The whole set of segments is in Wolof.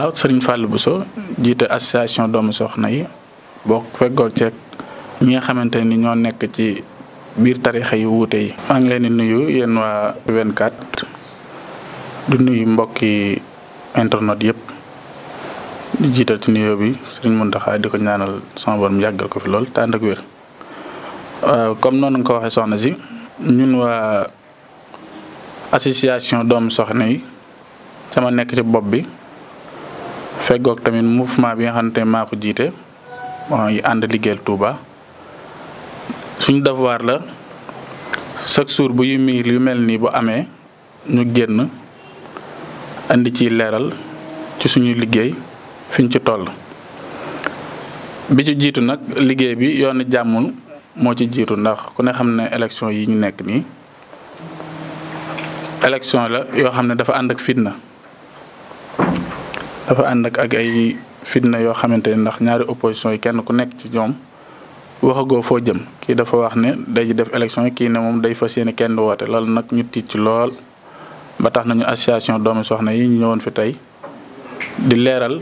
waaw Serigne bu so jiite association doomu soxna yi bokk feggoog ceeg ñi nga xamante ni ñoo nekk ci biir tarixa yu wuute yi. maa ngi leen di nuyu yéen waa 24 du nuyu mbokki internet yëpp di jiital ci nuyoo bi Serigne Mountakha di ko ñaanal sama borom yàggal ko fi lool te ànd ak wér comme noonu ko waxee soxna si ñun waa association doomu soxna yi sama nekk ci bopp bi. feggoog tamit mouvement bi nga xamante ne maa ko jiite yi ànd liggéeyal Touba suñu devoir la chaque jour bu yu miir yu mel nii bu amee ñu génn indi ci leeral ci suñu liggéey fiñ ci toll bi ci jiitu nag liggéey bi yoonu jàmmu moo ci jiitu ndax ku ne xam ne élection yi ñu nekk nii élection la yoo xam ne dafa ànd ak fitna dafa ànd ak ak ay fitna yoo xamante ne ndax ñaari opposition yi kenn ku nekk ci ñoom waxagoo foo jëm kii dafa wax ne day def élection yi kii ne moom day fas yéene kenn woote lool nag ñu tiit ci lool ba tax nañu association doomi soxna yi ñu ñëwoon fi tey di leeral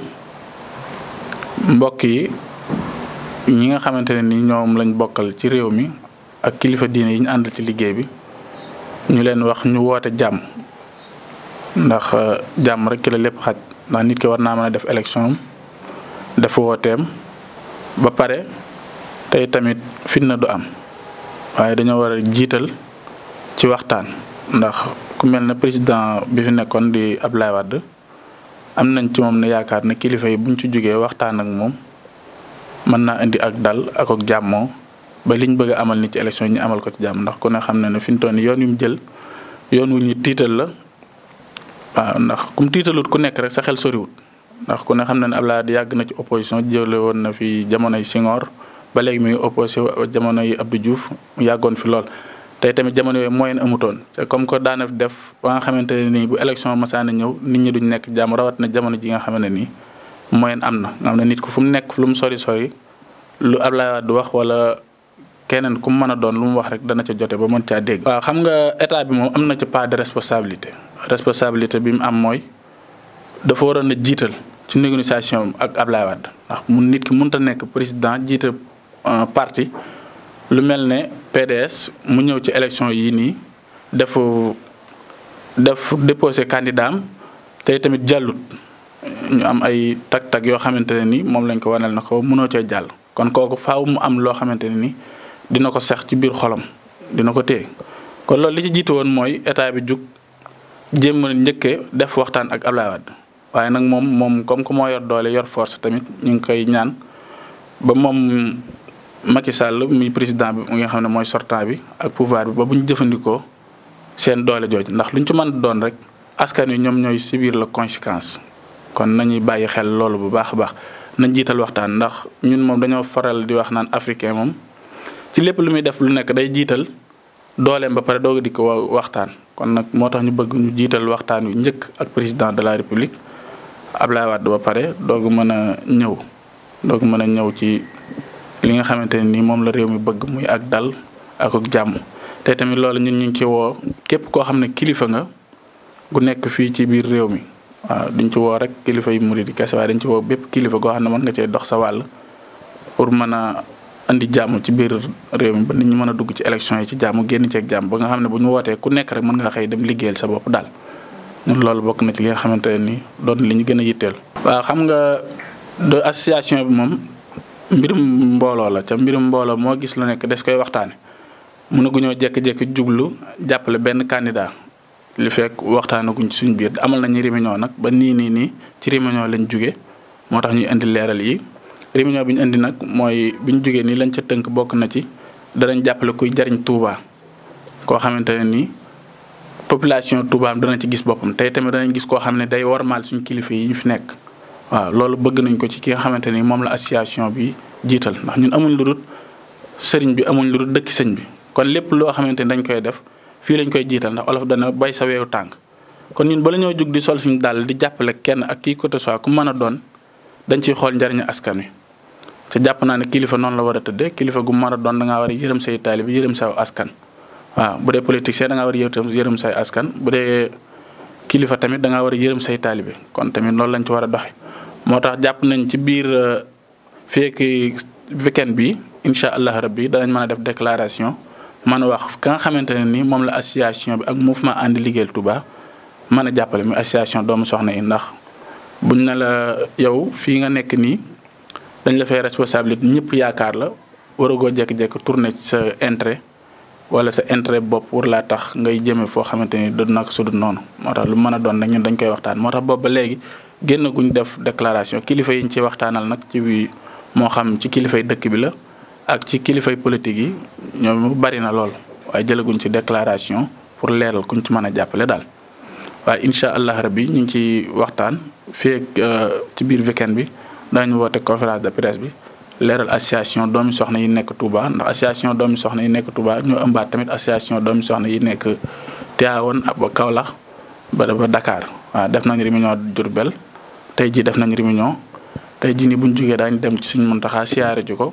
mbokk yi ñi nga xamante ne ni ñoom lañ bokkal ci réew mi ak kilifa diine yi ñu àndal ci liggéey bi ñu leen wax ñu woote jàmm ndax euh, jàmm rek ki la lépp xat ndax nit ki war naa mën a def élection def wooteem ba pare tey tamit na du am waaye dañoo war a jiital ci waxtaan ndax ku mel ne président bi fi nekkoon di Abdoulaye Wade am nañ ci moom ne yaakaar na kilifa yi buñ ci jógee waxtaan ak moom mën naa indi ak daal ak ak jàmmoo ba liñ bëgg a amal ni ci élection yi ñu amal ko ci jàmm ndax ku ne xam na ne fi mu toll nii yoon yu mu jël yoon wu ñu tiital la. waaw ndax kum tiitalut ku nekk rek saxeel xel soriwut ndax ku ne xam na ne Abdoulaye yàgg na ci opposition jële woon na fi jamonoy Senghor ba léegi mi ngi opposé jamonoy Abdou Diouf yàggoon fi lool. tey tamit jamono yooyu moyen amutoon te comme que daana def ba nga xamante ne ni bu élection masaana ñëw nit ñi duñ nekk jàmm na jamono ji nga xam nii moyen am na nga xam ne nit ko fu mu nekk lu mu sori sori lu Abdoulaye Wade wax wala keneen ku mu mën a doon lu mu wax rek dana ca jote ba mën caa dégg. xam nga état bi moom am na ci part de responsabilité. responsabilité bi mu am mooy dafa waroon jiital ci négociation ak Ablaye Wade ndax mun nit ki mënut a nekk président jiite euh, parti lu mel ne PDS mu ñëw ci élection yii nii def def déposé candidat am tey tamit jàllut ñu am ay tag-tag yoo xamante ne ni moom lañ ko wanal na ko munoo cee jàll kon kooku faaw mu am loo xamante ne ni dina ko seex ci biir xolom dina ko téye kon loolu li ci jiitu woon mooy état bi jug jéem a njëkkee def waxtaan ak Abdoulaye Wade waaye nag moom moom comme que moo yor doole yor force tamit ñu ngi koy ñaan ba moom Macky Sall muy président bi mu nga xam ne mooy sortant bi ak pouvoir bi ba bu ñu jëfandikoo seen doole jooju ndax luñ ci mën doon rek askan wi ñoom ñooy subir la conséquence kon nañuy bàyyi xel loolu bu baax a baax nañ jiital waxtaan ndax ñun moom dañoo faral di wax naan africain moom ci lépp lu muy def lu nekk day jiital dooleem ba pare doog di ko waxtaan. kon nag moo tax ñu bëgg ñu jiital waxtaan wi njëkk ak président de la république Ablaye Wade ba pare doogu mën a ñëw doog mën a ñëw ci li nga xamante ne ni moom la réew mi bëgg muy ak dal ak ak jàmm te tamit loolu ñun ñu ngi ci woo képp koo xam ne kilifa nga gu nekk fii ci biir réew mi waaw duñ ci woo rek kilifa yu murid kese waaye dañ ci woo bépp kilifa goo xam ne mën nga cee dox sa wàll pour mën a andi jàmm ci biir réew mi ba nit mën a dugg ci élection yi ci jàmm génn ceeg jàmm ba nga xam ne bu ñu wootee ku nekk rek mën nga xëy dem liggéeyal sa bopp daal ñun loolu bokk na ci li nga xamante ne nii doon li ñu gën a yitteel. waaw xam nga do bi moom mbirum mbooloo la ca mbirum mbooloo moo gis lu nekk des koy waxtaane mënaguñoo jékki jublu jàppale benn candidat li fekk waxtaanaguñ ci suñu biir amal nañu réunion nag ba nii nii nii ci réunion lañ jóge moo tax ñuy indi leeral yi. réunion bi ñu indi nag mooy bi ñu jógee nii lañ ca tënk bokk na ci danañ jàppale kuy jariñ tuubaa koo xamante ne nii population Touba am dana ci gis boppam tey tamit danañ gis koo xam ne day warmaal suñu kilifa yi ñu fi nekk. waaw loolu bëgg nañ ko ci ki nga xamante ni moom la association bi jiital ndax ñun amuñ lu dul sëriñ bi amuñ lu dul dëkk sëñ bi kon lépp loo xamante ni dañ koy def fii lañ koy jiital ndax olof dana bay sa weewu tànk. kon ñun bala ñoo jug di sol suñu daal di jàppale kenn ak kii côté soit ku mën a doon dañ ciy xool njariñu askan wi te jàpp naa ne kilifa noonu la war a tëddee kilifa gu mar a doon da ngaa war a yërëm say taalibe yërëm saw askan. waaw bu dee politicien da ngaa war a yërëm say askan bu dee kilifa tamit da war a yërëm say taalibe kon tamit lañ war a doxe moo tax jàpp nañ ci biir euh, fekki weekend bi incha allah rabbi danañ mën a def déclaration mën a wax ka nga xamante ne ni moom la association bi ak mouvement àndi liggéeyal tubaa mën a jàppale mi association doomu soxna yi ndax buñ ne la yow fii nga nekk nii. dañ la fay responsabilité ñëpp yaakaar la waragoo jékki-jékki tourner sa intérêt wala sa intérêt bopp war laa tax ngay jëme foo xamante ni du nak sudul noonu moo tax lu mën a doon nag ñun dañ koy waxtaan moo tax boobu ba léegi génn guñ def déclaration kilifa yi ñu ci waxtaanal nag ci bi moo xam ci kilifay dëkk bi la ak ci kilifay politique yi ñoom bari na lool waaye jëlaguñ ci déclaration pour leeral kuñ ci mën a jàppale daal waaye allah rabbi ñu ci waxtaan fii euh, ci biir weekend bi danañ woote conférence de presse bi leeral association doom soxna yi nekk Touba ndax association doom soxna yi nekk Touba ñoo ëmbaat tamit association doomi soxna yi nekk Tivaouane ab ba Kaolack ba ba Dakar def nañ réunion Diourbel tey jii def nañ réunion tey jii ni bu ñu jógee daañu dem ci suñ Muntaxa siyaare ji ko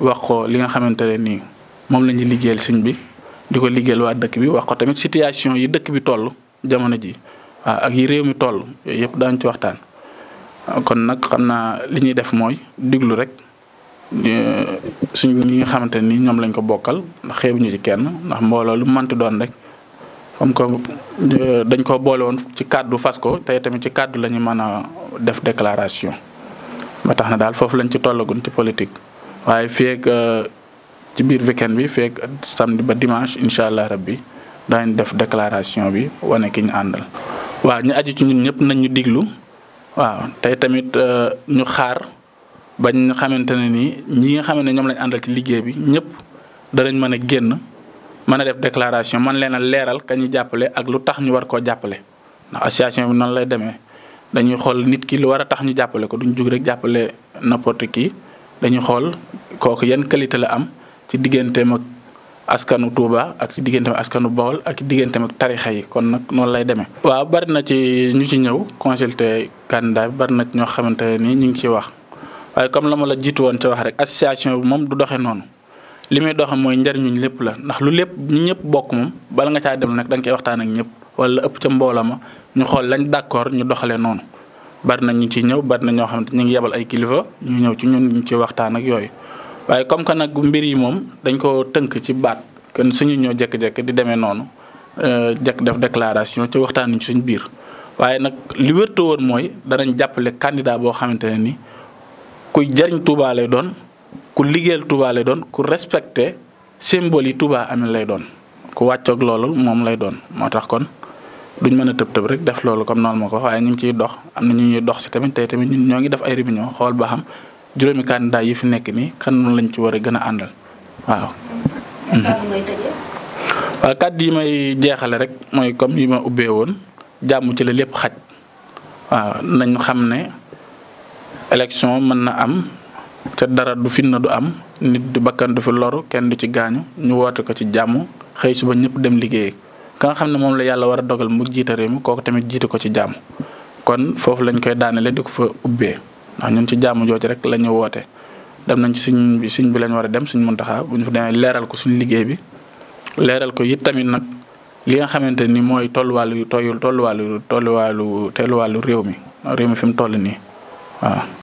wax ko li nga xamante ne nii moom la ñuy liggéeyal suñ bi di ko liggéeyal waa dëkk bi wax ko tamit situation yi dëkk bi toll jamono ji waaw ak yi réew mi toll yooyu yëpp daañu ci waxtaan. kon nag xam naa li ñuy def mooy diglu rek euh, suñu ñi nga xamante ni ñoom lañ ko bokkal ndax xeebuñu ci kenn ndax mbooloo lu mënti doon rek comme que euh, dañ ko boole woon ci kàddu fas ko tey tamit ci kàddu lañu ñu mën a def déclaration ba tax na daal foofu lañ ci tollagun ci politique waaye feeg euh, ci biir weekend bi feeg samedi ba dimanche incha allah rabbi daañ def déclaration bi wane kiñ àndal. waaw ñu aju ci ñun ñëpp nañ diglu. waaw tey tamit euh, ñu xaar bañ ñu xamante ne nii ñi nga xam ne ñoom lañ àndal ci liggéey bi ñëpp danañ mën a génn mën a def déclaration man leen a leeral ka ñu jàppale ak lu tax ñu war koo jàppale ndax association bi noonu lay demee dañuy xool nit ki lu war a tax ñu jàppale ko duñ jug rek jàppale n'importe qui dañuy xool kooku yan qualité am ci digganteem askanu Touba ak digganteem askanu Bawol ak digganteem ak tarixa yi kon nag noonu lay demee. waaw bari na ci ñu ci ñëw consulter candidat bari na ci ñoo xamante ne nii ñu ngi ciy wax waaye comme la ma la jiitu woon ci wax association bi moom du doxee noonu. li muy doxam mooy njariñuñ lépp la ndax lu lépp ñu ñëpp bokk moom bala nga caa dem nag da koy waxtaan ak ñëpp wala ëpp ca mbooloo ma ñu xool lañ d'accord ñu doxalee noonu bari na ñu ciy ñëw bari na ñoo xamante ñu yebal ay kilifa ñu ñëw ci ñun ñu ciy waxtaan ak yooyu. waaye comme que nag mbir yi moom dañ ko tënk ci baat kenn suñu ñoo jékki di demee noonu euh, jekk def déclaration ci waxtaan ci suñu biir waaye nag li wérta woon mooy danañ jàppale candidat boo xamante ne ni kuy jariñ Touba lay doon ku liggéeyal Touba lay doon ku respecté symbole yi Touba amee lay doon ku wàccoog loolu moom lay doon moo tax kon duñ mën a tëb tëb rek def loolu comme noonu ma ko waaye ñu ngi ciy dox am na ñu ñuy dox si tamit tey tamit ñoo ngi def ay réunion xool ba juróomi candidat yi fi nekk nii kan noonu lañ ci war a gën a àndal waaw. Mhm. waaw kàddu yi may jeexale rek mooy comme yi ma ubbee woon jàmmu ci la lépp xaj waaw nañ xam ne élection mën na am te dara du fitna du am nit du bakkan du fi loru kenn du ci gaañu ñu woote ko ci jàmm xëy suba ñëpp dem liggéey ka xam ne moom la yàlla war a dogal mu jiite réew mi kooku tamit jiite ko ci jàmm kon foofu lañ koy daanele di ko fa ubbee. ndax ñun ci jàmm jooju rek la ñu woote dem nañ ci sëñ bi sëñ bi lañ war a dem sëñ Muntaxa bu ñu fa demee leeral ko suñu liggéey bi leeral ko it tamit nag li nga xamante ni mooy tolluwaalu tooyul tolluwaalu tolluwaalu tolluwaalu réew mi réew mi fi mu toll nii waaw.